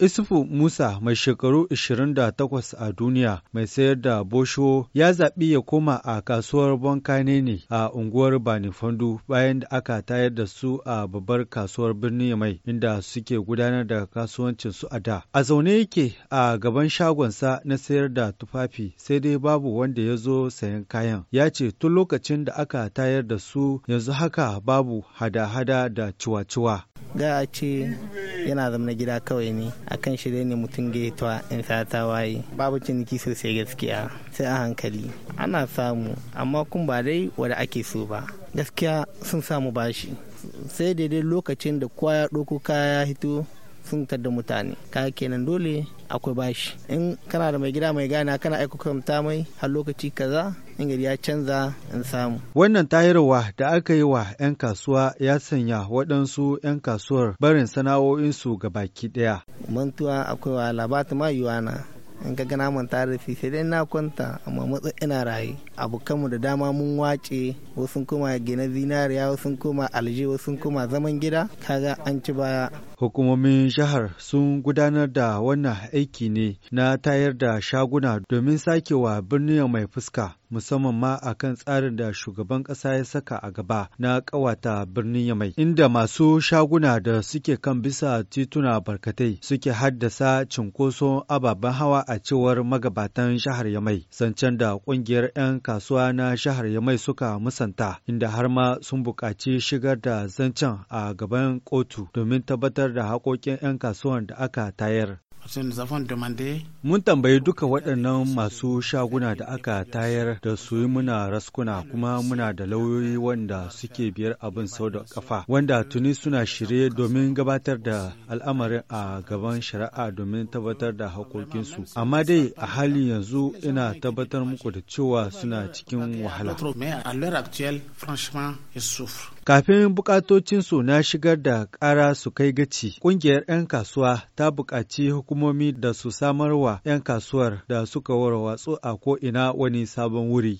Isufu Musa mai shekaru 28 a duniya mai sayar da bosho ya zaɓi ya koma a kasuwar Bonkane ne a unguwar Banifandu bayan da aka tayar da su a babbar kasuwar birnin mai inda suke gudanar da kasuwancin su a da. A zaune yake a gaban shagonsa na sayar da tufafi sai dai babu wanda ya zo sayan kayan. Ya ce tun lokacin da aka tayar da su yanzu haka babu hada-hada da ciwa-ciwa. ga ce yana zama na gida kawai ne a akan shirye ne mutum gaitowa in sata waye babu ciniki sosai gaskiya sai a hankali ana samu amma kun ba dai wadda ake so ba gaskiya sun samu bashi sai daidai lokacin da kowa ya ɗauko kaya hito sun da mutane ka kenan dole akwai bashi in kana da mai gida mai gana kana aiko kamta mai har lokaci kaza in gari ya canza in samu wannan tayarwa da aka yi wa 'yan kasuwa ya sanya waɗansu 'yan kasuwar barin sana'o'insu ga baki ɗaya mantuwa akwai wa labata ma yiwana in ka gana tare da sai dai na kwanta amma matsa ina raye abokanmu da dama mun wace wasu kuma gina zinariya wasu kuma alje wasu kuma zaman gida kaga an ci baya hukumomin jihar sun gudanar da wannan aiki ne na tayar da shaguna domin sakewa birnin mai fuska musamman ma a kan tsarin da shugaban ƙasa ya saka a gaba na ƙawata birnin Yamai, inda masu shaguna da suke kan bisa tituna barkatai suke haddasa cinkoso ababen hawa a cewar magabatan shahar Yamai, zancen da ƙungiyar 'yan kasuwa na shahar Yamai suka musanta, inda har ma sun buƙaci shigar da zancen a gaban kotu domin tabbatar da haƙoƙin 'yan kasuwan da aka tayar. Mun tambayi duka waɗannan masu shaguna da aka tayar da su yi muna raskuna kuma muna da lauyoyi wanda suke biyar abin sau da kafa wanda tuni suna shirye domin gabatar da al'amarin a gaban shari'a domin tabbatar da haƙoƙinsu. Amma dai a halin yanzu ina tabbatar muku da cewa suna cikin wahala. Kafin bukatocinsu na shigar da ƙara su kai gaci, ƙungiyar 'yan kasuwa ta buƙaci hukumomi da su samar wa 'yan kasuwar da suka warwatsu a ko'ina wani sabon wuri.